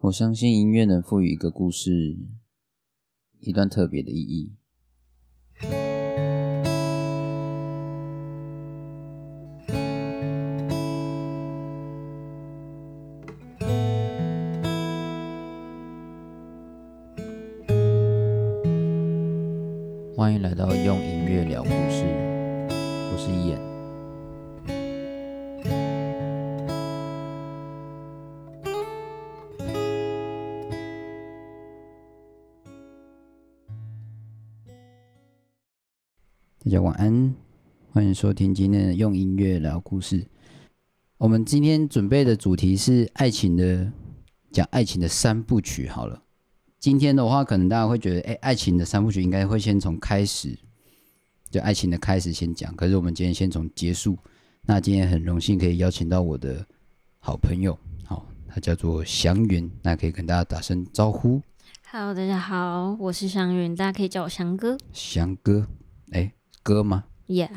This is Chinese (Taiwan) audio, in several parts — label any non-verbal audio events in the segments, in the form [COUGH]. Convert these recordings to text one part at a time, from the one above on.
我相信音樂能賦予一個故事，一段特別的意義。歡迎來到用音樂聊故事，我是伊眼。安，歡迎收聽今天的用音樂聊故事。我們今天準備的主題是愛情的講愛情的三部曲。好了，今天的話，可能大家會覺得，哎、欸，愛情的三部曲應該會先從開始，就愛情的開始先講。可是我們今天先從結束。那今天很榮幸可以邀請到我的好朋友，好，他叫做翔筠。那可以跟大家打聲招呼。Hello，大家好，我是翔筠，大家可以叫我翔哥。翔哥，哎、欸。歌嗎 y、yeah.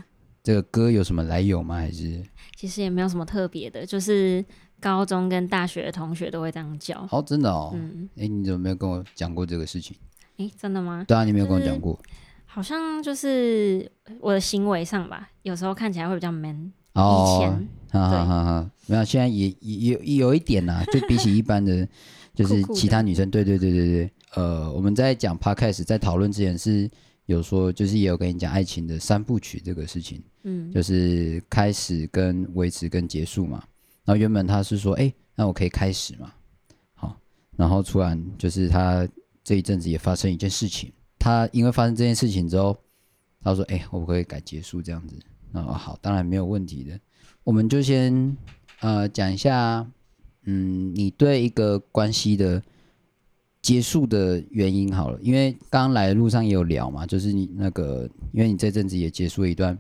這個歌有什麼來由嗎？還是其實也沒有什麼特別的，就是高中跟大學的同學都會這樣叫。哦、oh,，真的哦、喔，嗯，哎、欸，你怎麼沒有跟我講過這個事情？哎、欸，真的嗎？對啊，你沒有跟我講過、就是。好像就是我的行為上吧，有時候看起來會比較 man、oh,。哦，好好沒有，oh, oh, oh, oh. 現在也也有有一點吶、啊，就比起一般的 [LAUGHS] 就是其他女生酷酷，對對對對對，呃，我們在講 podcast，在討論之前是。有說就是也有跟你講愛情的三部曲這個事情，嗯，就是開始、跟維持、跟結束嘛。然後原本他是說，哎、欸，那我可以開始嘛，好。然後突然就是他這一陣子也發生一件事情，他因為發生這件事情之後，他說，哎、欸，我可以改結束這樣子。哦，好，當然沒有問題的。我們就先呃講一下，嗯，你對一個關係的。結束的原因好了，因為剛來的路上也有聊嘛，就是你那個，因為你這陣子也結束了一段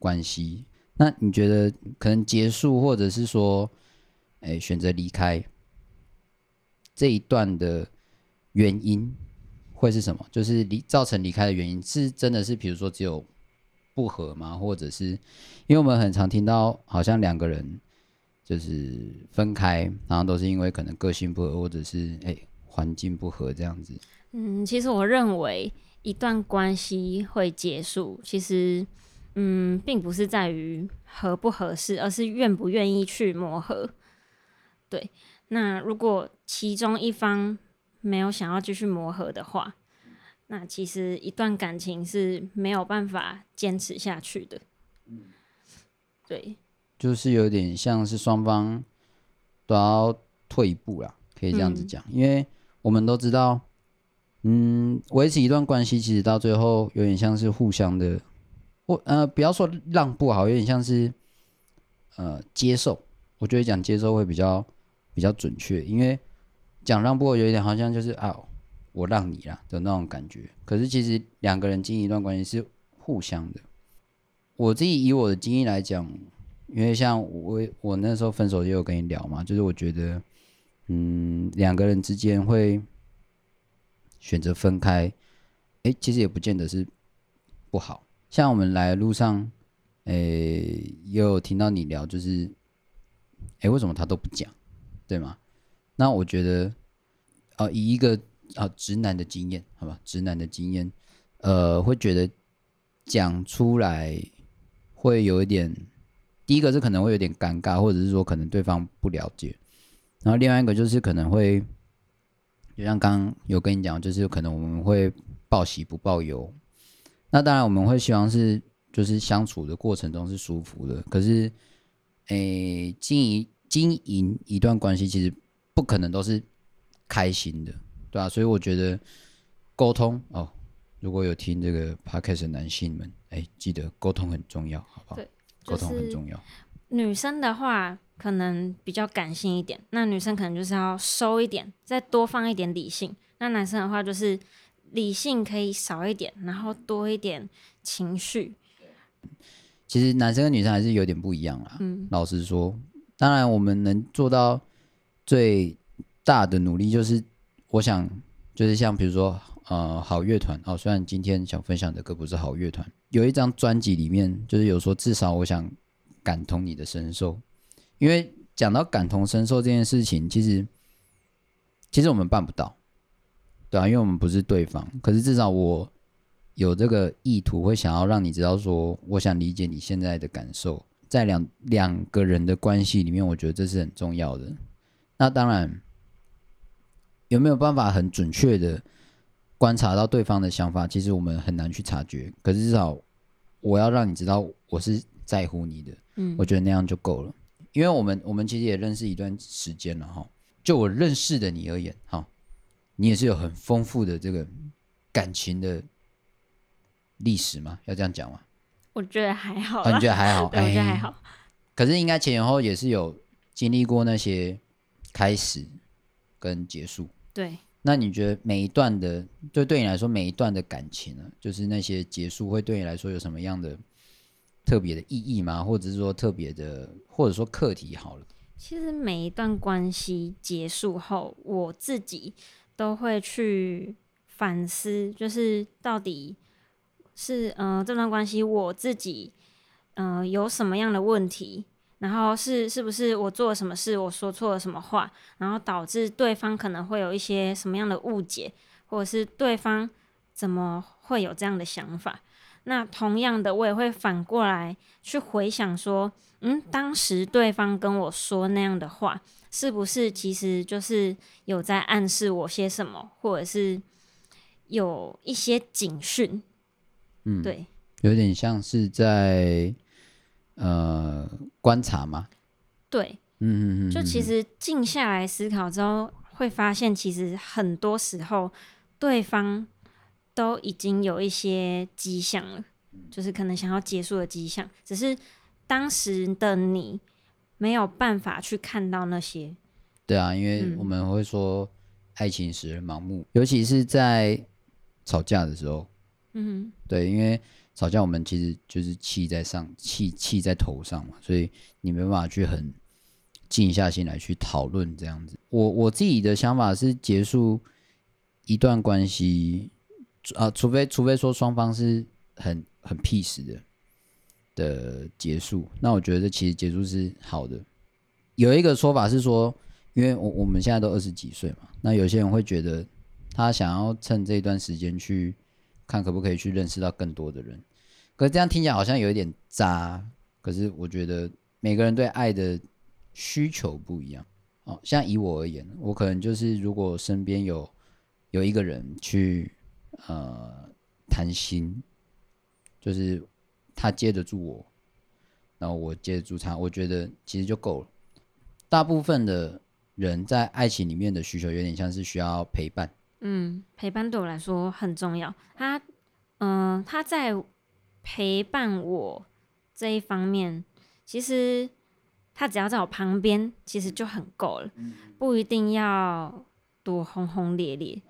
關係，那你覺得可能結束或者是說，哎、欸，選擇離開這一段的原因會是什麼？就是離造成離開的原因是真的是比如說只有不和嗎？或者是因為我們很常聽到好像兩個人就是分開，然後都是因為可能個性不合，或者是哎、欸環境不合這樣子，嗯，其實我認為一段關係會結束，其實，嗯，並不是在於合不合適，而是願不願意去磨合。對，那如果其中一方沒有想要繼續磨合的話，那其實一段感情是沒有辦法堅持下去的。嗯，對，就是有點像是雙方都要退一步啦，可以這樣子講，嗯，因為。我們都知道，嗯，維持一段關係，其實到最後有點像是互相的，我呃，不要說讓步，好，有點像是呃接受。我覺得講接受會比較比較準確，因為講讓步，有一點好像就是啊，呃，我讓你啦的那種感覺。可是其實兩個人經營一段關係是互相的。我自己以我的經驗來講，因為像我我那時候分手也有跟你聊嘛，就是我覺得。嗯，兩個人之間會選擇分開，誒，其實也不見得是不好。像我們來的路上，誒，又聽到你聊，就是，誒，為什麼他都不講，對嗎？那我覺得，哦，以一個啊，哦，直男的經驗，好吧，直男的經驗，呃，會覺得講出來會有一點，第一個是可能會有點尷尬，或者是說可能對方不了解。然後另外一個就是可能會，就像剛剛有跟你講，就是可能我們會報喜不報憂。那當然我們會希望是，就是相處的過程中是舒服的。可是，誒、欸，經營經營一段關係其實不可能都是開心的，對啊。所以我覺得溝通哦，如果有聽這個 Podcast 的男性們，哎、欸，記得溝通很重要，好不好？對，就是、溝通很重要。女生的話。可能比較感性一點，那女生可能就是要收一點，再多放一點理性。那男生的話就是理性可以少一點，然後多一點情緒。其實男生跟女生還是有點不一樣啦。嗯，老實說，當然我們能做到最大的努力，就是我想就是像比如說呃好樂團哦，雖然今天想分享的歌不是好樂團，有一張專輯裡面就是有說至少我想感同你的身受。因為講到感同身受這件事情，其實其實我們辦不到，對啊，因為我們不是對方。可是至少我有這個意圖，會想要讓你知道，說我想理解你現在的感受。在兩兩個人的關係裡面，我覺得這是很重要的。那當然，有沒有辦法很準確的觀察到對方的想法？其實我們很難去察覺。可是至少我要讓你知道，我是在乎你的。嗯，我覺得那樣就夠了。因為我們我們其實也認識一段時間了哈，就我認識的你而言哈，你也是有很豐富的這個感情的歷史嗎？要這樣講嗎？我覺得還好，啊，你覺得還好，我，還好，欸，我還好。可是應該前前後後也是有經歷過那些開始跟結束。對。那你覺得每一段的，就對你來說每一段的感情呢，啊，就是那些結束會對你來說有什麼樣的？特別的意義嗎？或者是說特別的，或者說課題好了。其實每一段關係結束後，我自己都會去反思，就是到底是嗯、呃、這段關係我自己嗯、呃、有什麼樣的問題，然後是是不是我做了什麼事，我說錯了什麼話，然後導致對方可能會有一些什麼樣的誤解，或者是對方怎麼會有這樣的想法。那同樣的，我也會反過來去回想說，嗯，當時對方跟我說那樣的話，是不是其實就是有在暗示我些什麼，或者是有一些警訊？嗯，對，有點像是在呃觀察嗎？對，嗯哼哼哼，就其實靜下來思考之後，會發現其實很多時候對方。都已經有一些跡象了，就是可能想要結束的跡象，只是當時的你沒有辦法去看到那些。對啊，因為我們會說，愛情使人盲目，嗯，尤其是在吵架的時候。嗯哼，對，因為吵架我們其實就是氣在上，氣氣在頭上嘛，所以你沒辦法去很靜下心來去討論這樣子。我我自己的想法是結束一段關係。啊，除非除非說雙方是很很 peace 的的結束，那我覺得其實結束是好的。有一個說法是說，因為我我們現在都二十幾歲嘛，那有些人會覺得他想要趁這一段時間去看可不可以去認識到更多的人，可是這樣聽起來好像有一點渣。可是我覺得每個人對愛的需求不一樣。哦，像以我而言，我可能就是如果身邊有有一個人去。呃，談心，就是他接得住我，然後我接得住他，我覺得其實就夠了。大部分的人在愛情裡面的需求，有點像是需要陪伴。嗯，陪伴對我來說很重要。他，嗯，呃，他在陪伴我這一方面，其實他只要在我旁邊，其實就很夠了，嗯，不一定要多轟轟烈烈。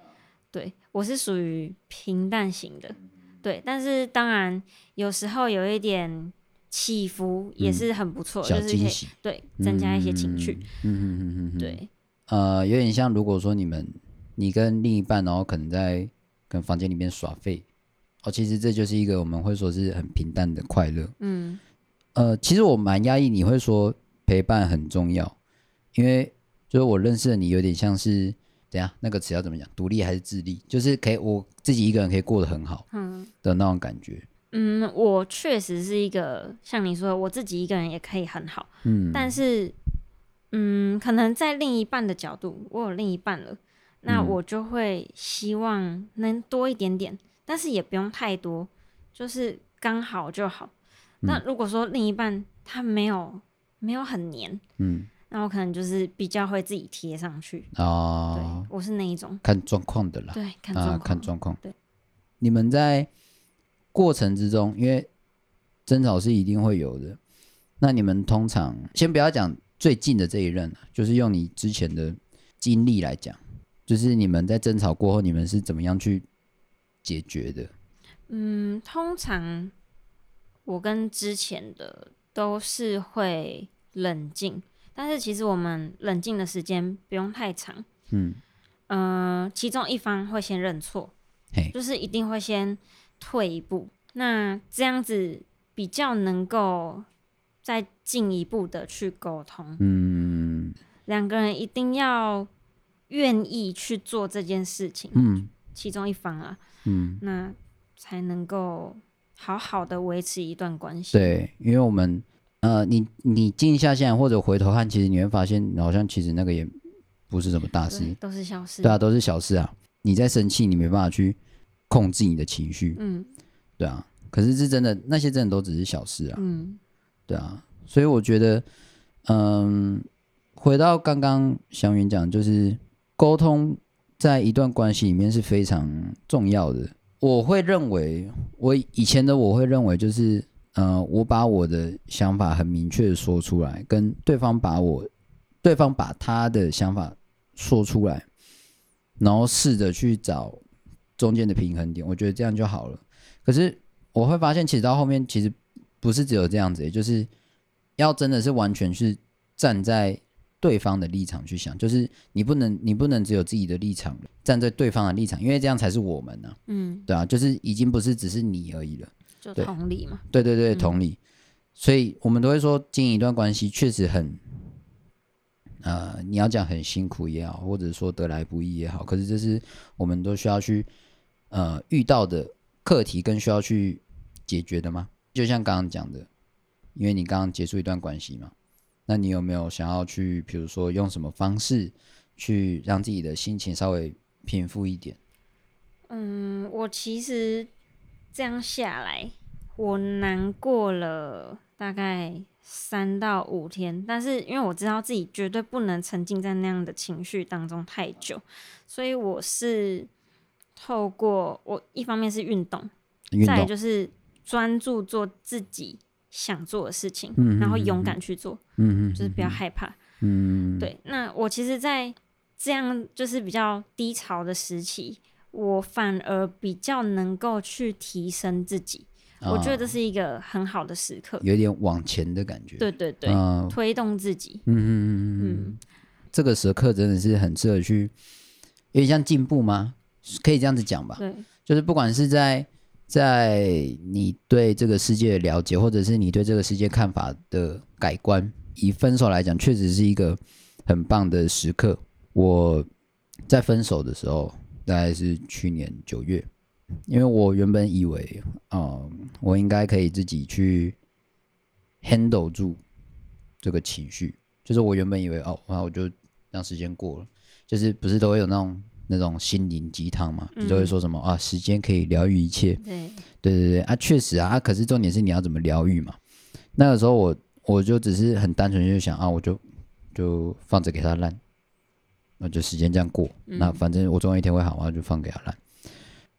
對，我是屬於平淡型的，對，但是當然有時候有一點起伏也是很不錯，嗯、小驚喜，就是可以對，嗯、增加一些情趣，嗯嗯嗯嗯，對、嗯嗯嗯嗯嗯，呃，有點像如果說你們你跟另一半，然後可能在跟房間裡面耍廢，哦，其實這就是一個我們會說是很平淡的快樂，嗯，呃，其實我蠻壓抑，你會說陪伴很重要，因為就是我認識的你有點像是。怎樣？那個詞要怎麼講？獨立還是自立？就是可以我自己一個人可以過得很好，嗯的那種感覺。嗯，嗯我確實是一個像你說，我自己一個人也可以很好，嗯。但是，嗯，可能在另一半的角度，我有另一半了，那我就會希望能多一點點，嗯、但是也不用太多，就是剛好就好、嗯。那如果說另一半他沒有沒有很黏，嗯。那我可能就是比較會自己貼上去哦。我是那一種，看狀況的啦，對，看狀況，啊，看狀況，對。你們在過程之中，因為爭吵是一定會有的，那你們通常先不要講最近的這一任，就是用你之前的經歷來講，就是你們在爭吵過後，你們是怎麼樣去解決的？嗯，通常我跟之前的都是會冷靜。但是其實我們冷靜的時間不用太長，嗯嗯、呃，其中一方會先認錯，就是一定會先退一步，那這樣子比較能夠再進一步的去溝通，嗯，兩個人一定要願意去做這件事情，嗯，其中一方啊，嗯，那才能夠好好的維持一段關係，對，因為我們。呃，你你靜下心來，或者回頭看，其實你會發現，好像其實那個也不是什麼大事，都是小事。對啊，都是小事啊。你在生氣，你沒辦法去控制你的情緒。嗯，對啊。可是是真的，那些真的都只是小事啊。嗯，對啊。所以我覺得，嗯，回到剛剛翔筠講，就是溝通在一段關係裡面是非常重要的。我會認為，我以前的我會認為就是。呃，我把我的想法很明確的說出來，跟對方把我，對方把他的想法說出來，然後試着去找中間的平衡點，我覺得這樣就好了。可是我會發現，其實到後面其實不是只有這樣子，欸，就是要真的是完全是站在對方的立場去想，就是你不能你不能只有自己的立場，站在對方的立場，因為這樣才是我們呢，啊。嗯，對啊，就是已經不是只是你而已了。就同理嘛，對對對、對、嗯，同理，所以我們都會說經營一段關係確實很，呃，你要講很辛苦也好，或者說得來不易也好，可是這是我們都需要去呃遇到的課題，跟需要去解決的嘛。就像剛剛講的，因為你剛剛結束一段關係嘛，那你有沒有想要去，比如說用什麼方式去讓自己的心情稍微平復一點？嗯，我其實。這樣下來，我難過了大概三到五天，但是因為我知道自己絕對不能沉浸在那樣的情緒當中太久，所以我是透過我一方面是運動，動，再來就是專注做自己想做的事情，然後勇敢去做，嗯，哼嗯哼就是不要害怕，嗯，哼嗯哼對。那我其實，在這樣就是比較低潮的時期。我反而比較能夠去提升自己，啊，我覺得這是一個很好的時刻，有點往前的感覺。對對對，啊，推動自己。嗯嗯嗯嗯，這個時刻真的是很適合去，有點像進步嗎？可以這樣子講吧。對，就是不管是在在你對這個世界的了解，或者是你對這個世界看法的改觀，以分手來講，確實是一個很棒的時刻。我在分手的時候。大概是去年九月，因為我原本以為，啊、嗯，我應該可以自己去 handle 住這個情緒，就是我原本以為，哦，那我就讓時間過了，就是不是都會有那種那種心靈雞湯嘛，就會說什麼、嗯、啊，時間可以療癒一切，對，對對對，啊，確實啊，啊，可是重點是你要怎麼療癒嘛？那個時候我我就只是很單純就想，啊，我就就放着給他爛。那就時間這樣過，嗯，那反正我總有一天會好，我就放給它爛。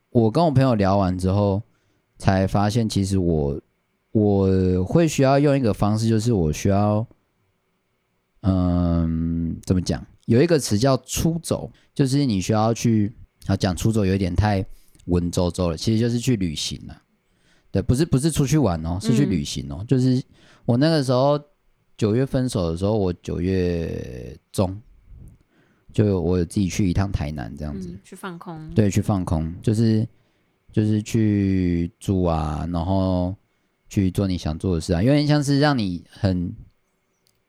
我跟我朋友聊完之後，才發現其實我我會需要用一個方式，就是我需要，嗯，怎麼講？有一個詞叫“出走”，就是你需要去。啊，講“出走”有點太文縐縐了，其實就是去旅行了。對，不是不是出去玩哦，喔，是去旅行哦，喔，嗯。就是我那個時候九月分手的時候，我九月中。就我有自己去一趟台南這樣子、嗯，去放空，對，去放空。就是就是去住啊，然後去做你想做的事啊，有點像是讓你很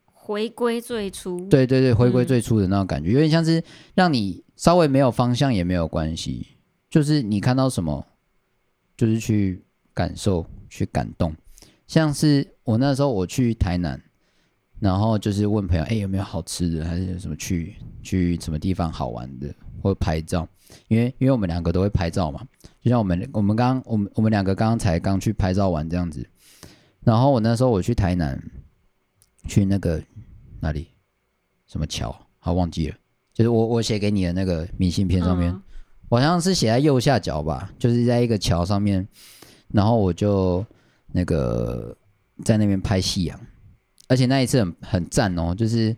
回歸最初，對對對，回歸最初的那種感覺、嗯，有點像是讓你稍微沒有方向也沒有關係，就是你看到什麼，就是去感受去感動，像是我那時候我去台南。然後就是問朋友，哎、欸，有沒有好吃的，還是有什麼去去什麼地方好玩的，或拍照，因為因為我們兩個都會拍照嘛，就像我們我們剛我們我們兩個剛剛才剛去拍照完這樣子。然後我那時候我去台南，去那個哪裡？什麼橋，好忘記了，就是我我寫給你的那個明信片上面，好、嗯、像是寫在右下角吧，就是在一個橋上面，然後我就那個在那邊拍夕陽。而且那一次很很讚哦，就是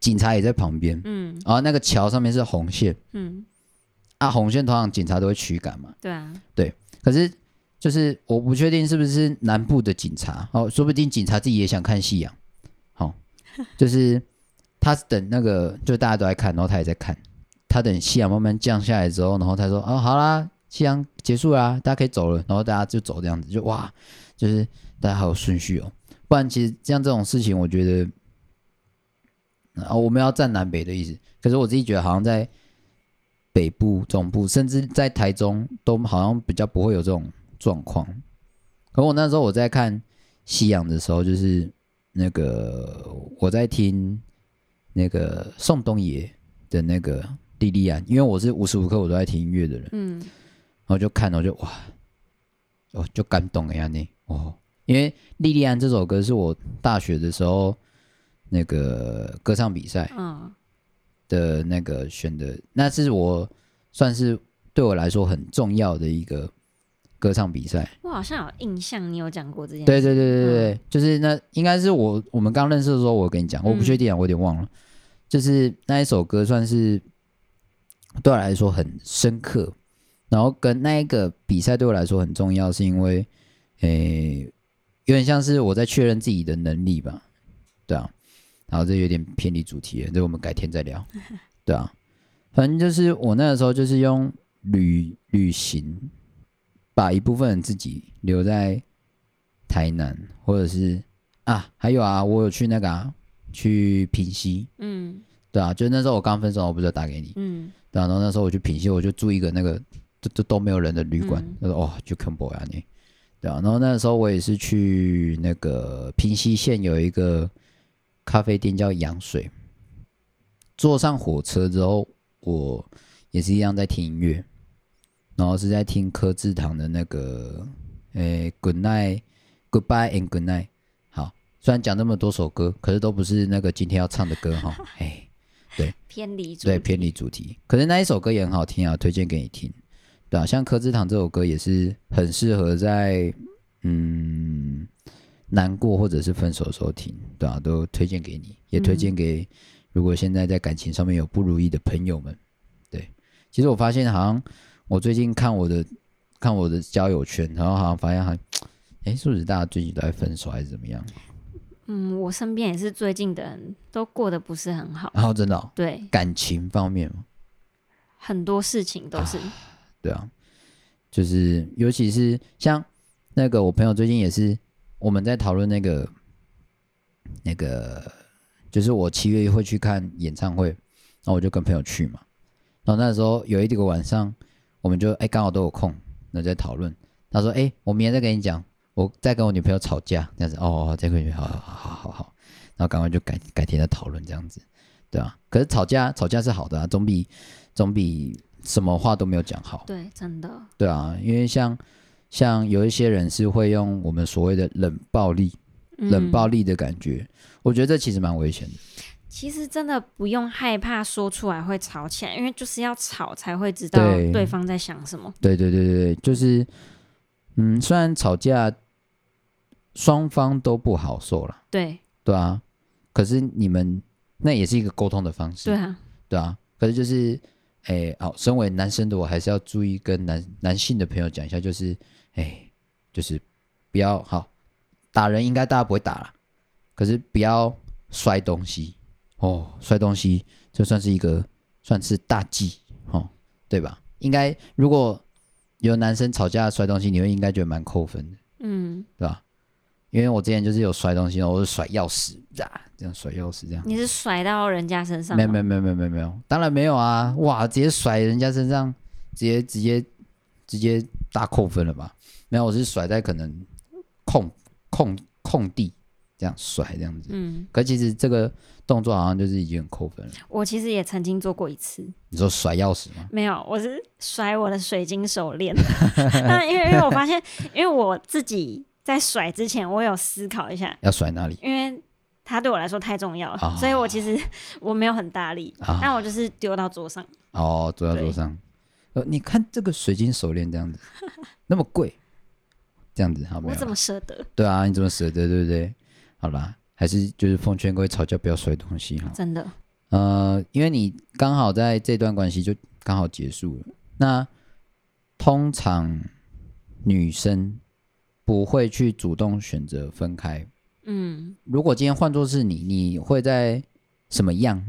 警察也在旁邊，嗯，然後那個橋上面是紅線，嗯，啊，紅線通常警察都會驅趕嘛，對啊，對，可是就是我不確定是不是南部的警察哦，說不定警察自己也想看夕陽，好，哦，就是他等那個，就大家都在看，然後他也在看，他等夕陽慢慢降下來之後，然後他說，哦，好啦，夕陽結束啦，大家可以走了，然後大家就走這樣子，就哇，就是大家還有順序哦。不然其實像這種事情，我覺得，啊、哦，我沒有要站南北的意思。可是我自己覺得，好像在北部、中部，甚至在台中，都好像比較不會有這種狀況。可我那時候我在看夕陽的時候，就是那個我在聽那個宋冬野的那個《莉莉安》，因為我是無時無刻我都在聽音樂的人，嗯，然後就看了，我就哇，我就感動了。呀你哦。哇因為《莉莉安》這首歌是我大學的時候那個歌唱比賽的，那個選的 oh. 那是我算是對我來說很重要的一個歌唱比賽。我好像有印象，你有講過這件事。對對對對對，對。oh. 就是那應該是我我們剛認識的時候，我跟你講，我不確定啊，我有點忘了。Mm. 就是那一首歌算是對我來說很深刻，然後跟那一個比賽對我來說很重要，是因為誒。欸有點像是我在確認自己的能力吧，對啊，好，這有點偏離主題了，這我們改天再聊，對啊，反正就是我那個時候就是用旅旅行，把一部分人自己留在台南，或者是啊，還有啊，我有去那個啊，去平溪，嗯，對啊，就是那時候我剛分手，我不是打給你，嗯，對啊，然後那時候我去平溪，我就住一個那個，都都都沒有人的旅館，他說哦，去 come boy 啊，你。對啊，然後那個時候我也是去那個平溪縣有一個咖啡店叫羊水，坐上火車之後，我也是一樣在聽音樂，然後是在聽柯智棠的那個誒 Goodnight Goodbye and Goodnight。好，雖然講那麼多首歌，可是都不是那個今天要唱的歌哈、哦。哎， [LAUGHS] 對，偏離主題，對，偏離主題，可是那一首歌也很好聽啊，推薦給你聽。對啊，像《科之堂》這首歌也是很適合在，嗯，難過或者是分手的時候聽，對啊，都推薦給你，也推薦給如果現在在感情上面有不如意的朋友們。對，其實我發現好像我最近看我的看我的交友圈，然後好像發現好像哎，是不是大家最近都在分手還是怎麼樣？嗯，我身邊也是最近的人都過得不是很好，然後，啊，真的哦？對，感情方面，很多事情都是。啊對啊，就是尤其是像那個我朋友最近也是我們在討論那個那個，那個、就是我七月會去看演唱會，然後我就跟朋友去嘛。然後那時候有一個晚上，我們就哎、欸、剛好都有空，那在討論。他說哎、欸、我明天再跟你講，我再跟我女朋友吵架這樣子。哦哦，再回去好好好好好，然後趕快就改改天再討論這樣子，對啊，可是吵架吵架，是好的啊，總比總比。什麼話都沒有講好，對，真的，對啊，因為像像有一些人是會用我們所謂的冷暴力、嗯，冷暴力的感覺，我覺得這其實蠻危險的。其實真的不用害怕說出來會吵起來，因為就是要吵才會知道對方在想什麼。對對對對對，就是，嗯，雖然吵架雙方都不好受了，對對啊，可是你們那也是一個溝通的方式，對啊，對啊，可是就是。哎、欸，好，身為男生的我，還是要注意跟男男性的朋友講一下，就是，哎、欸，就是不要好打人，應該大家不會打啦，可是不要摔東西哦，摔東西就算是一個算是大忌哦，對吧？應該如果有男生吵架摔東西，你會應該覺得蠻扣分的，嗯，對吧？因為我之前就是有摔東西，我是甩鑰匙、啊，這樣甩鑰匙這樣。你是甩到人家身上？沒有沒有沒有沒有沒有，當然沒有啊！哇，直接甩人家身上，直接直接直接大扣分了吧？沒有，我是甩在可能空空空地這樣甩這樣子。嗯，可其實這個動作好像就是已經很扣分了。我其實也曾經做過一次。你說甩鑰匙嗎？沒有，我是甩我的水晶手鏈。 [LAUGHS] [LAUGHS] 但因為因為我發現，因為我自己。在甩之前，我有思考一下要甩哪裡，因為它對我來說太重要了，哦、所以我其實我沒有很大力，哦、但我就是丟到桌上哦，丟到桌上。呃，你看這個水晶手鏈這樣子， [LAUGHS] 那麼貴，這樣子好不好？我怎麼捨得？對啊，你怎麼捨得？對不對？好啦，還是就是奉勸各位吵架不要摔東西哈。真的，呃，因為你剛好在這段關係就剛好結束了，那通常女生。不會去主動選擇分開，嗯，如果今天換作是你，你會在什麼樣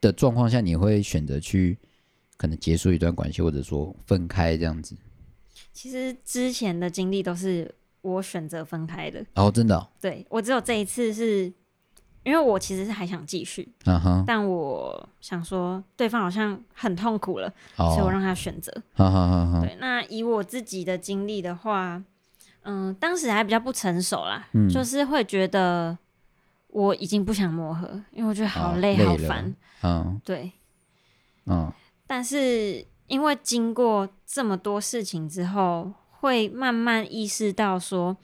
的狀況下你會選擇去可能結束一段關係，或者說分開這樣子？其實之前的經歷都是我選擇分開的哦，真的、哦，對我只有這一次是因為我其實是還想繼續，嗯、啊、哼，但我想說對方好像很痛苦了，啊、所以我讓他選擇，好好好好，對，那以我自己的經歷的話。嗯，當時還比較不成熟啦、嗯，就是會覺得我已經不想磨合，因為我覺得好累好煩。嗯、哦，對，嗯、哦，但是因為經過這麼多事情之後，會慢慢意識到說，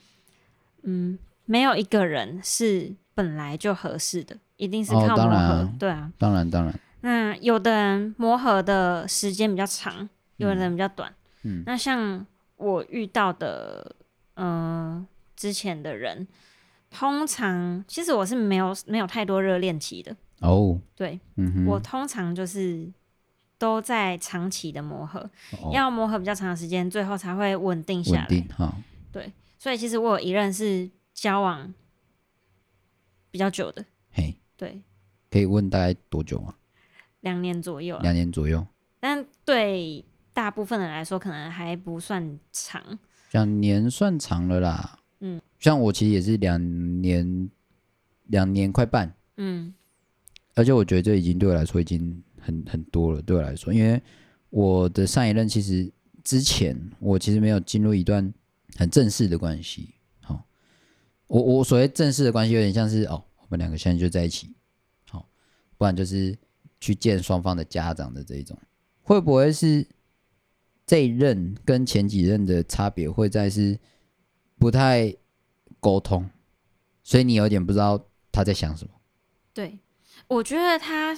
嗯，沒有一個人是本來就合適的，一定是靠磨合。哦、當然啊對啊，當然當然。那有的人磨合的時間比較長，有的人比較短。嗯，嗯那像我遇到的。嗯、呃，之前的人通常，其實我是沒有沒有太多熱戀期的哦。對，嗯哼，我通常就是都在長期的磨合，哦，要磨合比較長的時間，最後才會穩定下來定、哦。對，所以其實我有一任是交往比較久的，嘿，對，可以問大概多久啊？兩年左右、啊，兩年左右，但對大部分人來說，可能還不算長。兩年算長了啦，嗯，像我其實也是兩年，兩年快半，嗯，而且我覺得這已經對我來說已經很很多了，對我來說，因為我的上一任其實之前我其實沒有進入一段很正式的關係，哦，我我所謂正式的關係有點像是哦，我們兩個現在就在一起，好，哦，不然就是去見雙方的家長的這一種，會不會是？這一任跟前幾任的差別會在是不太溝通，所以你有點不知道他在想什麼。對，我覺得他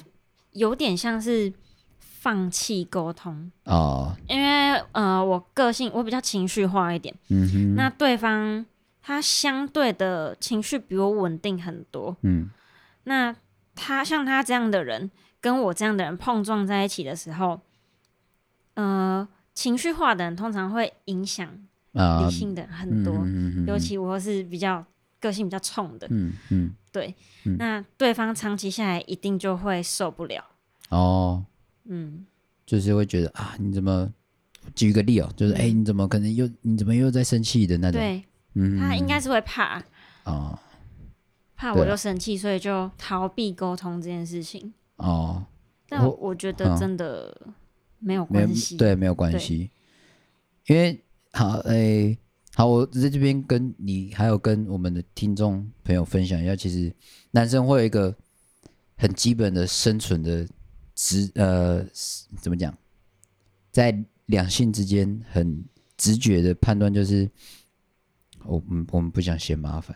有點像是放棄溝通哦，因為呃，我個性我比較情緒化一點，嗯哼，那對方他相對的情緒比我穩定很多，嗯，那他像他這樣的人跟我這樣的人碰撞在一起的時候，呃。情緒化的人通常會影響理性的很多，呃嗯嗯嗯嗯，尤其我是比較個性比較衝的，嗯嗯，對嗯，那對方長期下來一定就會受不了哦，嗯，就是會覺得啊，你怎麼舉個例哦，就是哎，嗯欸，你怎麼可能又你怎麼又在生氣的那種？對，嗯，他應該是會怕哦，怕我又生氣，所以就逃避溝通這件事情哦。但我覺得真的。哦哦沒有關係，沒，對，沒有關係。因為好，哎，好，我在這邊跟你還有跟我們的聽眾朋友分享一下，其實男生會有一個很基本的生存的直，呃，怎麼講，在兩性之間很直覺的判斷就是，我，嗯，我們不想嫌麻煩。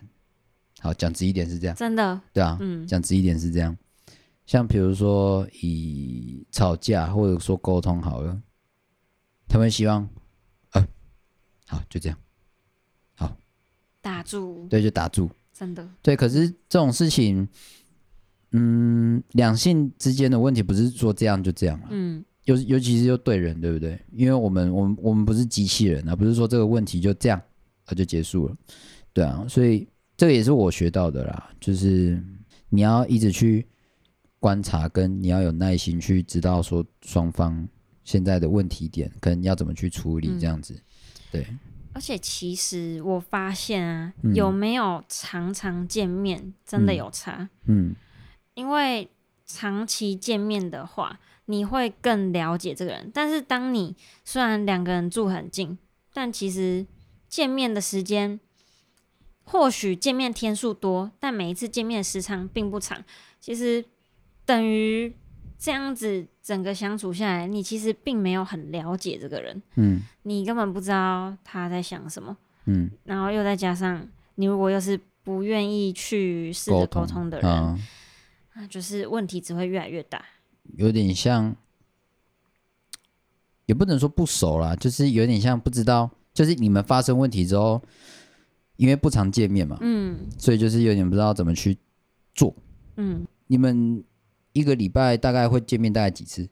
好，講直一點是這樣，真的，對啊，嗯，講直一點是這樣。像比如說以吵架或者說溝通好了，他們希望，啊，好，就這樣，好，打住，對，就打住，真的，對。可是這種事情，嗯，兩性之間的問題不是說這樣就這樣了，啊，嗯，尤尤其是又對人對不對？因為我們我們我們不是機器人而，啊，不是說這個問題就這樣啊就結束了，對啊。所以這個也是我學到的啦，就是你要一直去。觀察跟你要有耐心去知道說，雙方現在的問題點跟要怎麼去處理這樣子，嗯，對。而且其實我發現啊，嗯、有沒有常常見面真的有差，嗯，嗯，因為長期見面的話，你會更了解這個人。但是當你雖然兩個人住很近，但其實見面的時間或許見面天數多，但每一次見面時長並不長，其實，等於這樣子，整個相處下來，你其實並沒有很了解這個人，嗯，你根本不知道他在想什麼，嗯，然後又再加上你如果又是不願意去試着溝通的人，啊，就是問題只會越來越大。有點像，也不能說不熟啦，就是有點像不知道，就是你們發生問題之後，因為不常見面嘛，嗯，所以就是有點不知道怎麼去做。嗯，你們。一個禮拜大概會見面大概幾次？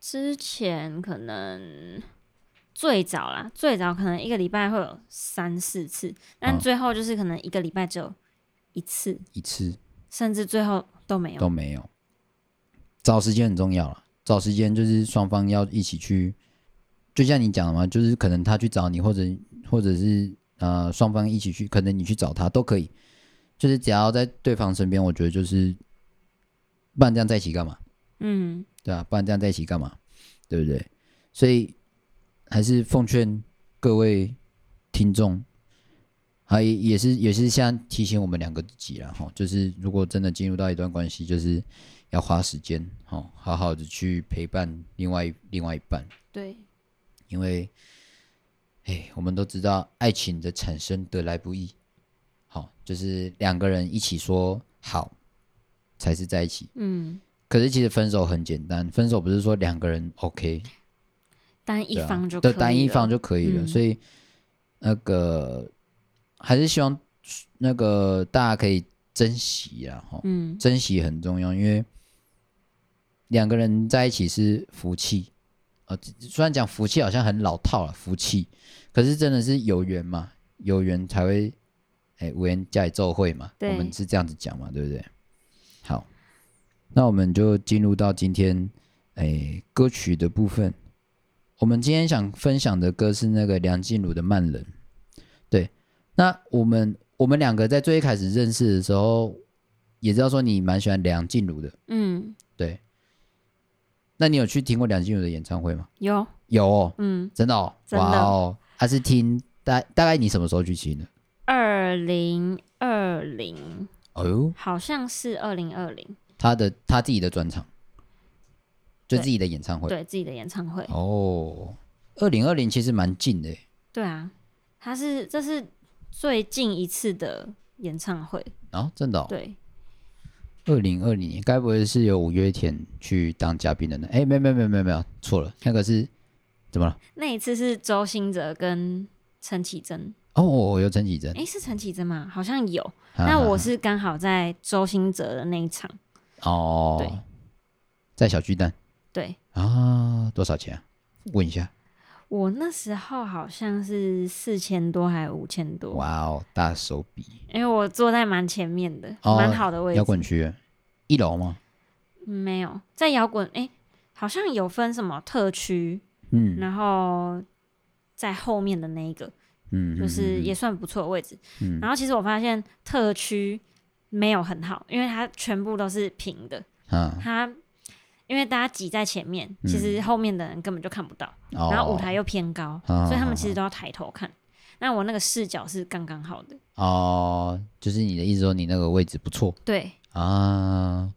之前可能最早啦，最早可能一個禮拜會有三四次，但最後就是可能一個禮拜只有一次，啊，一次，甚至最後都沒有都沒有。找時間很重要啦，找時間就是雙方要一起去，就像你講的嘛，就是可能他去找你，或者或者是呃雙方一起去，可能你去找他都可以，就是只要在對方身邊，我覺得就是。不然這樣在一起幹嘛？嗯，對啊。不然這樣在一起幹嘛？對不對？所以還是奉勸各位聽眾，還也是也是像提醒我們兩個自己了哈、哦。就是如果真的進入到一段關係，就是要花時間哦，好好的去陪伴另外另外一半。對，因為哎，我們都知道愛情的產生得來不易。好，就是兩個人一起說好。才是在一起。嗯，可是其實分手很簡單，分手不是說兩個人 OK，單一方就的單一方就可以了。啊以了嗯、所以那個還是希望那個大家可以珍惜啊，哈，嗯，珍惜很重要，因為兩個人在一起是福氣啊、呃。雖然講福氣好像很老套了，福氣，可是真的是有緣嘛，有緣才會哎、欸、無緣加一咒會嘛，對，我們是這樣子講嘛，對不對？那我們就進入到今天，誒、欸、歌曲的部分。我們今天想分享的歌是那個梁靜茹的《慢冷》。對，那我們我們兩個在最開始認識的時候，也知道說你蠻喜歡梁靜茹的。嗯，對。那你有去聽過梁靜茹的演唱會嗎？有，有、喔，嗯，真的哦、喔，哇哦、喔，還、啊、是聽大大概你什麼時候去聽的？二零二零，哎呦，好像是二零二零。他的他自己的專場，就自己的演唱會，對，對自己的演唱會哦，二零二零其實蠻近的，對啊，他是這是最近一次的演唱會啊，oh, 真的，哦，對，二零二零該不會是有五月天去當嘉賓的呢？哎、欸，沒有沒有沒有沒有沒有，錯了，那個是怎麼了？那一次是周興哲跟陳綺貞，哦、oh, oh, oh, oh,，有陳綺貞，哎，是陳綺貞嗎？好像有， [LAUGHS] 那我是剛好在周興哲的那一場。哦，在小巨蛋，對啊，多少錢啊？問一下，我那時候好像是四千多還有五千多。哇哦，大手筆！因為我坐在蠻前面的，蠻、哦、好的位置。搖滾區，一樓嗎？沒有，在搖滾，哎、欸，好像有分什麼特區，嗯，然後在後面的那一個，嗯，嗯，嗯，嗯，就是也算不錯的位置，嗯，然後其實我發現特區。沒有很好，因為它全部都是平的。啊、它因為大家擠在前面，嗯、其實後面的人根本就看不到。哦、然後舞台又偏高，啊、所以他們其實都要抬頭看。啊啊啊，那我那個視角是剛剛好的哦、啊，就是你的意思說你那個位置不錯。對啊，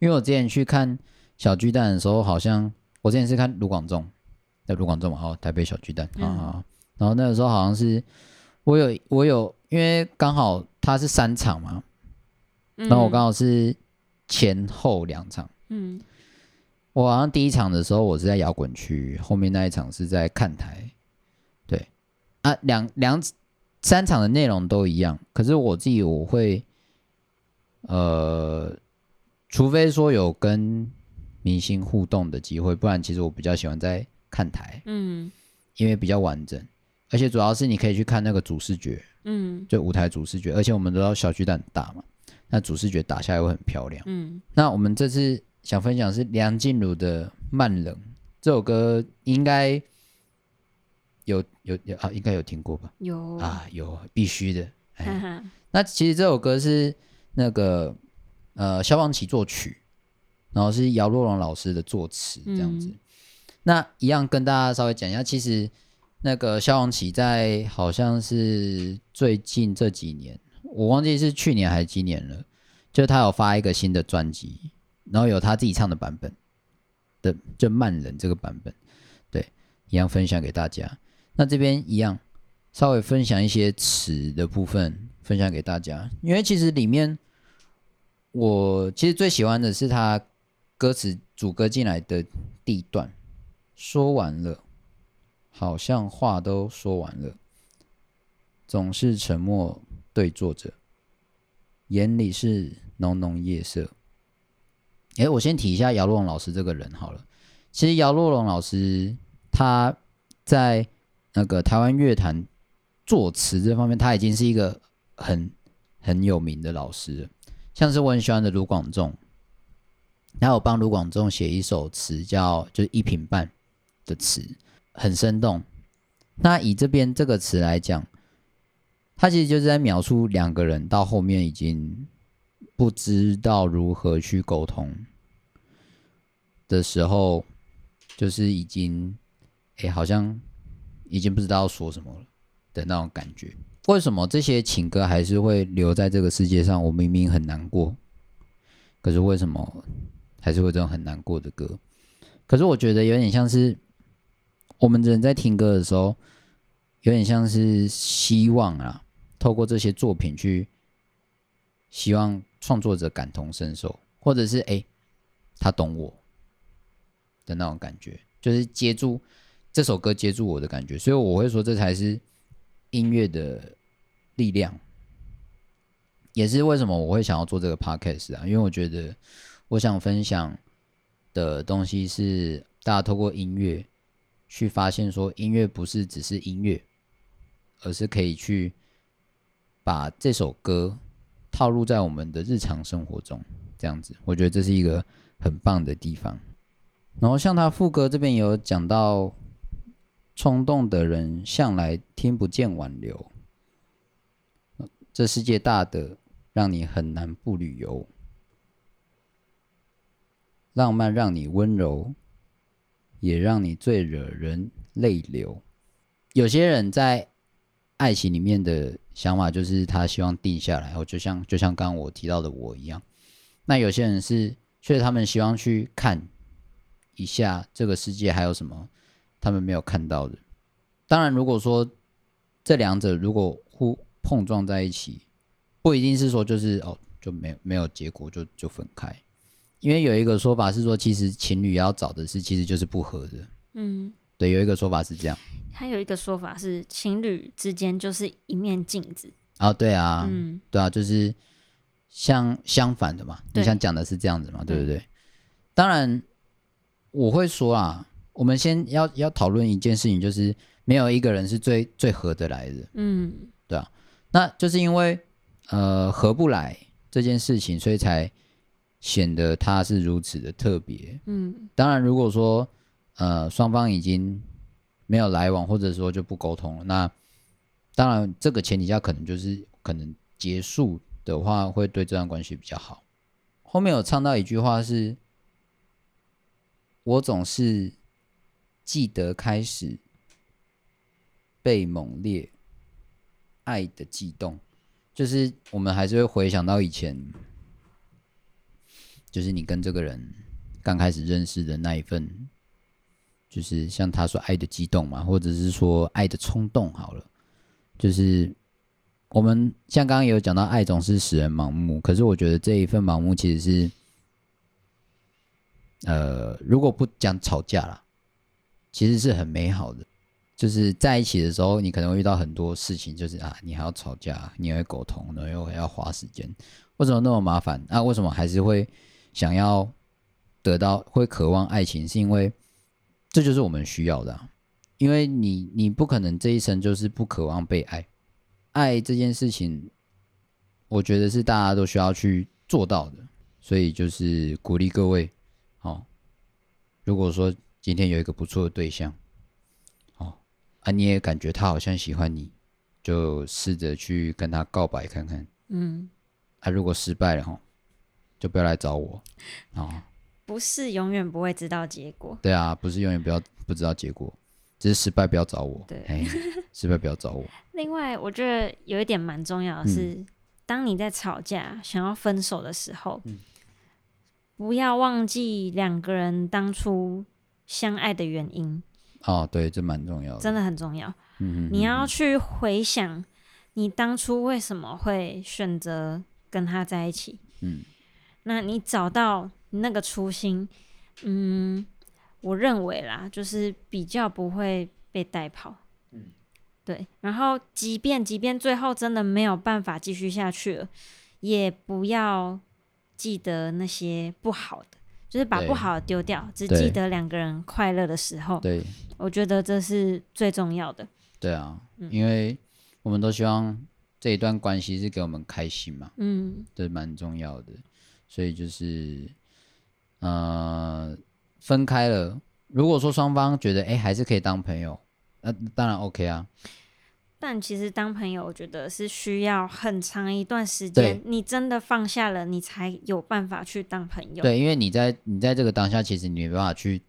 因為我之前去看小巨蛋的時候，好像我之前是看盧廣仲，在盧廣仲嘛哦，台北小巨蛋、嗯、啊。然後那個時候好像是我有我有，因為剛好它是三場嘛。然後、嗯、我剛好是前後兩場，嗯，我好像第一場的時候我是在搖滾區，後面那一場是在看台，對，啊，兩兩三場的內容都一樣，可是我自己我會，呃，除非說有跟明星互動的機會，不然其實我比較喜歡在看台，嗯，因為比較完整，而且主要是你可以去看那個主視覺，嗯，就舞台主視覺，而且我們都知道小巨蛋很大嘛。那主視覺打下來會很漂亮。嗯，那我們這次想分享是梁靜茹的《慢冷》這首歌應，應該有有有啊，應該有聽過吧？有啊，有必須的。哎哈哈，那其實這首歌是那個呃蕭煌奇作曲，然後是姚若龍老師的作詞，這樣子、嗯。那一樣跟大家稍微講一下，其實那個蕭煌奇在好像是最近這幾年。我忘記是去年還是今年了，就他有發一個新的專輯，然後有他自己唱的版本的，就慢冷這個版本，對，一樣分享給大家。那這邊一樣，稍微分享一些詞的部分分享給大家，因為其實裡面我其實最喜歡的是他歌詞主歌進來的第一段，說完了，好像話都說完了，總是沉默。對，坐着，眼裡是濃濃夜色。哎、欸，我先提一下姚若龍老師這個人好了。其實姚若龍老師他在那個台灣樂壇作詞這方面，他已經是一個很很有名的老師了，像是我很喜歡的盧廣仲，他有幫盧廣仲寫一首詞，叫就是一品半的詞，很生動。那以這邊這個詞來講。他其實就是在描述兩個人到後面已經不知道如何去溝通的時候，就是已經哎、欸,好像已經不知道要說什麼了的那種感覺。為什麼這些情歌還是會留在這個世界上？我明明很難過，可是為什麼還是會這種很難過的歌？可是我覺得有點像是我們人在聽歌的時候，有點像是希望啊。透過這些作品去，希望創作者感同身受，或者是誒、欸、他懂我的那種感覺，就是接住這首歌，接住我的感覺。所以我會說，這才是音樂的力量。也是為什麼我會想要做這個 Podcast 啊，因為我覺得我想分享的東西是，大家透過音樂去發現，說音樂不是只是音樂，而是可以去。把這首歌套入在我們的日常生活中，這樣子，我覺得這是一個很棒的地方。然後像他副歌這邊有講到，衝動的人向來聽不見挽留，這世界大得讓你很難不旅遊，浪漫讓你溫柔，也讓你最惹人淚流。有些人在。愛情裡面的想法就是他希望定下來哦，然後就像就像剛剛我提到的我一樣，那有些人是，確實他們希望去看一下這個世界還有什麼他們沒有看到的。當然，如果說這兩者如果互碰撞在一起，不一定是說就是哦，就沒沒有結果就就分開，因為有一個說法是說，其實情侶要找的是其實就是不合的，嗯。對，有一個說法是這樣，還有一個說法是情侶之間就是一面鏡子啊、哦，對啊，嗯，對啊，就是相相反的嘛，你想講的是這樣子嘛、嗯，對不對？當然，我會說啊，我們先要要討論一件事情，就是沒有一個人是最最合得來的，嗯，對啊，那就是因為呃合不來這件事情，所以才顯得他是如此的特別，嗯，當然如果說。呃，雙方已經沒有來往，或者說就不溝通了。那當然，這個前提下，可能就是可能結束的話，會對這段關係比較好。後面有唱到一句話是：“我總是記得開始被猛烈愛的悸動。”就是我們還是會回想到以前，就是你跟這個人剛開始認識的那一份。就是像他說“愛的激動”嘛，或者是說“愛的衝動”好了。就是我們像剛剛有講到，愛總是使人盲目。可是我覺得這一份盲目其實是，呃，如果不講吵架啦，其實是很美好的。就是在一起的時候，你可能會遇到很多事情，就是啊，你還要吵架，你還要溝通，然後又要花時間，為什麼那麼麻煩？那，啊，為什麼還是會想要得到，會渴望愛情？是因為？這就是我們需要的、啊，因為你你不可能這一生就是不渴望被愛，愛這件事情，我覺得是大家都需要去做到的，所以就是鼓勵各位，好、哦，如果說今天有一個不錯的對象，哦啊你也感覺他好像喜歡你，就試着去跟他告白看看，嗯，他、啊、如果失敗了哦，就不要來找我，哦。不是永遠不會知道結果，對啊，不是永遠不要不知道結果，只是失敗不要找我。對，欸、失敗不要找我。 [LAUGHS] 另外，我覺得有一點蠻重要的是，是、嗯、當你在吵架、想要分手的時候，嗯、不要忘記兩個人當初相愛的原因。哦，對，這蠻重要的，真的很重要、嗯哼哼哼。你要去回想你當初為什麼會選擇跟他在一起。嗯。那你找到那個初心，嗯，我認為啦，就是比較不會被帶跑，嗯，對。然後，即便即便最後真的沒有辦法繼續下去了，也不要記得那些不好的，就是把不好的丟掉，只記得兩個人快樂的時候。對，我覺得這是最重要的。對啊，嗯，因為我們都希望這一段關係是給我們開心嘛，嗯，這蠻重要的。所以就是，呃，分開了。如果說雙方覺得，哎、欸，還是可以當朋友，那、啊、當然 OK 啊。但其實當朋友，我覺得是需要很長一段時間，你真的放下了，你才有辦法去當朋友。對，因為你在你在這個當下，其實你沒辦法去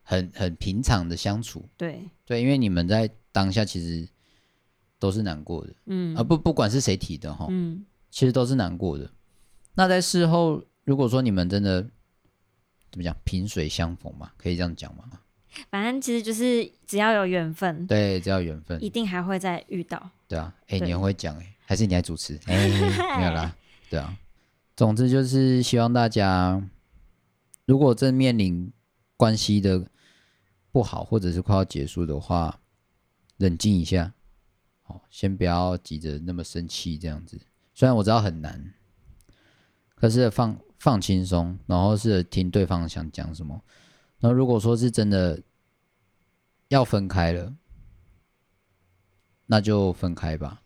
很很平常的相處。對對，因為你們在當下其實都是難過的。嗯啊，而不，不管是誰提的哈，嗯，其實都是難過的。那在事後，如果說你們真的怎麼講，萍水相逢嘛，可以這樣講嗎？反正其實就是只要有緣分，對，只要有緣分，一定還會再遇到。對啊，哎、欸，你很會講哎、欸，還是你來主持哎，欸、 [LAUGHS] 沒有啦，對啊。總之就是希望大家，如果正面臨關係的不好，或者是快要結束的話，冷靜一下，先不要急着那麼生氣這樣子。雖然我知道很難。可是放放輕鬆，然後是聽對方想講什麼。那如果說是真的要分開了，那就分開吧。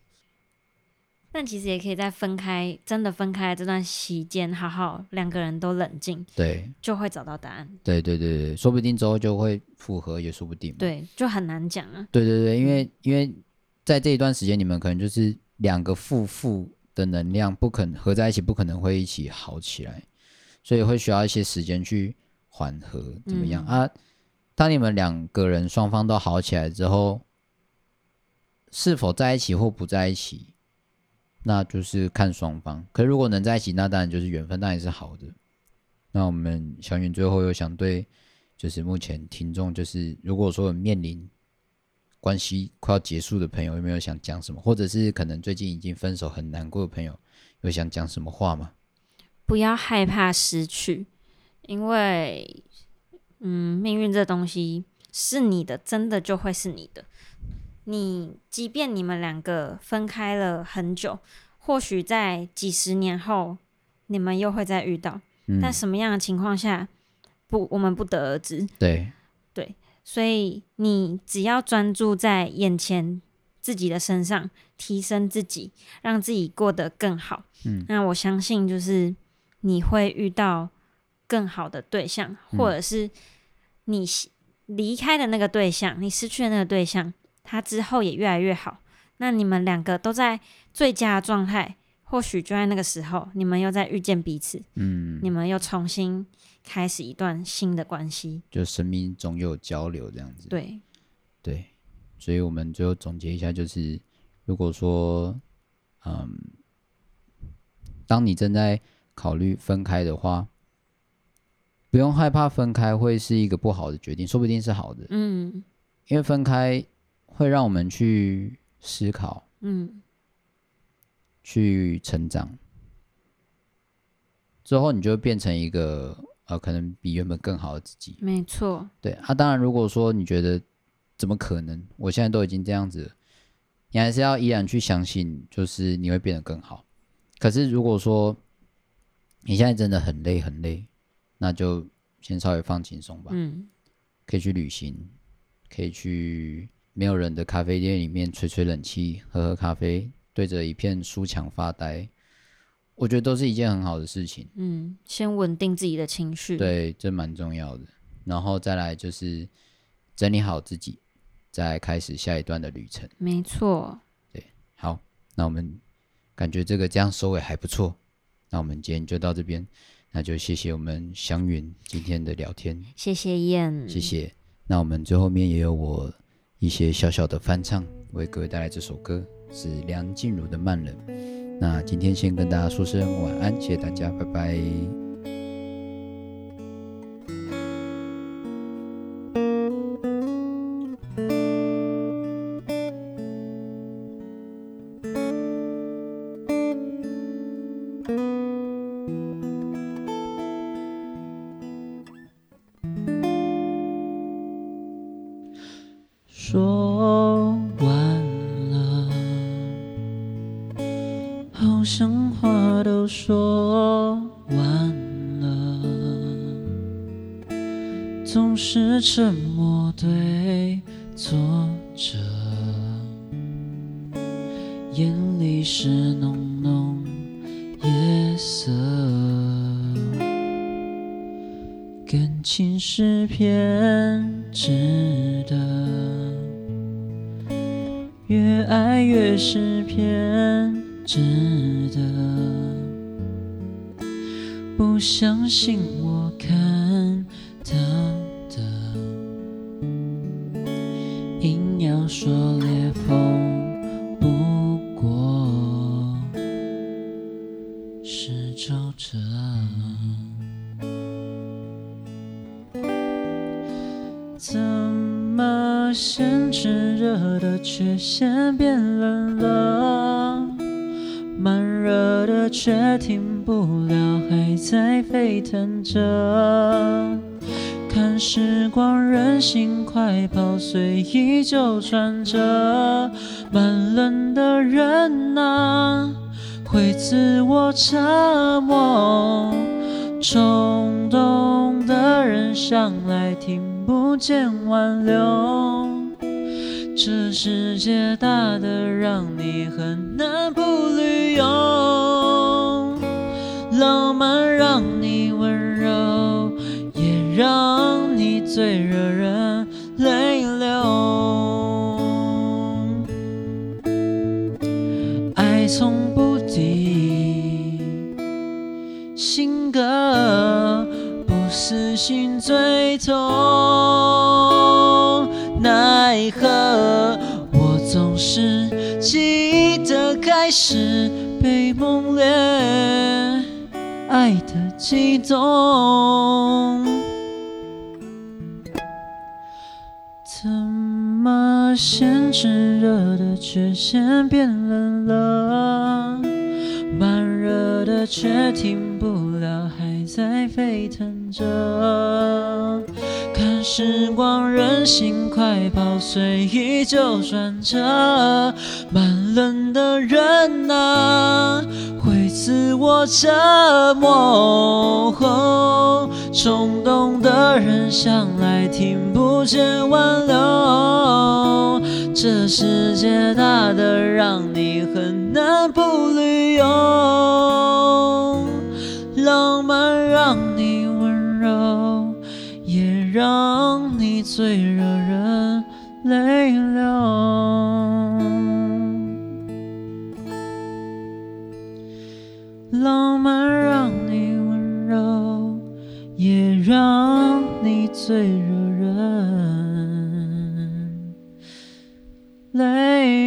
但其實也可以在分開，真的分開這段期間，好好兩個人都冷靜，對，就會找到答案。對對對對，說不定之後就會復合，也說不定。對，就很難講啊。對對對，因為因為在這一段時間，你們可能就是兩個夫婦，的能量不可能合在一起，不可能會一起好起來，所以會需要一些時間去緩和怎麼樣、嗯、啊？當你們兩個人雙方都好起來之後，是否在一起或不在一起，那就是看雙方。可如果能在一起，那當然就是緣分，當然也是好的。那我們小筠最後又想對，就是目前聽眾，就是如果我說我面臨關係快要結束的朋友，有沒有想講什麼？或者是可能最近已經分手很難過的朋友，有想講什麼話嗎？不要害怕失去，因為，嗯，命運這東西是你的，真的就會是你的。你即便你們兩個分開了很久，或許在幾十年後，你們又會再遇到，嗯、但什麼樣的情況下不，我們不得而知。對。所以你只要專注在眼前自己的身上，提升自己，讓自己過得更好。嗯、那我相信就是你會遇到更好的對象，或者是你離開的那個對象，嗯、你失去的那個對象，他之後也越來越好。那你們兩個都在最佳的狀態，或許就在那個時候，你們又再遇見彼此、嗯。你們又重新。開始一段新的關係，就生命總有交流這樣子。對，對，所以我們最後總結一下，就是如果說，嗯，當你正在考慮分開的話，不用害怕分開會是一個不好的決定，說不定是好的。嗯，因為分開會讓我們去思考，嗯，去成長，之後你就變成一個。呃，可能比原本更好的自己，沒錯。對，啊，當然，如果說你覺得怎麼可能，我現在都已經這樣子了，你還是要依然去相信，就是你會變得更好。可是如果說你現在真的很累很累，那就先稍微放輕鬆吧。嗯，可以去旅行，可以去沒有人的咖啡店裡面吹吹冷氣，喝喝咖啡，對着一片書牆發呆。我覺得都是一件很好的事情。嗯，先穩定自己的情緒，對，這蠻重要的。然後再來就是整理好自己，再開始下一段的旅程。沒錯，對，好，那我們感覺這個這樣收尾還不錯。那我們今天就到這邊，那就謝謝我們翔筠今天的聊天，謝謝燕，謝謝。那我們最後面也有我一些小小的翻唱，為各位帶來這首歌是梁靜茹的慢人《慢冷》。那今天先跟大家說聲晚安，謝謝大家，拜拜。是沉默對坐着，眼裡是濃濃夜色。感情是偏執的，越愛越是偏執的，不相信。不了，還在沸騰着。看時光任性快跑，隨意就轉折。慢冷的人啊，會自我折磨。衝動的人，向來聽不見挽留。這世界大得，讓你很難不旅遊。浪漫讓你溫柔，也讓你最惹人淚流。愛從不敵性格不死心最痛。奈何我總是記得開始被猛烈。愛的悸動，怎麼先熾熱的卻先變冷了，慢熱的卻停不了，還在沸騰着。看時光任性快跑，隨意就轉折，慢冷的人啊。自我折磨，衝動的人向來聽不見挽留。這世界大得讓你很難不旅遊，浪漫讓你溫柔，也讓你最惹人淚流。最惹人淚。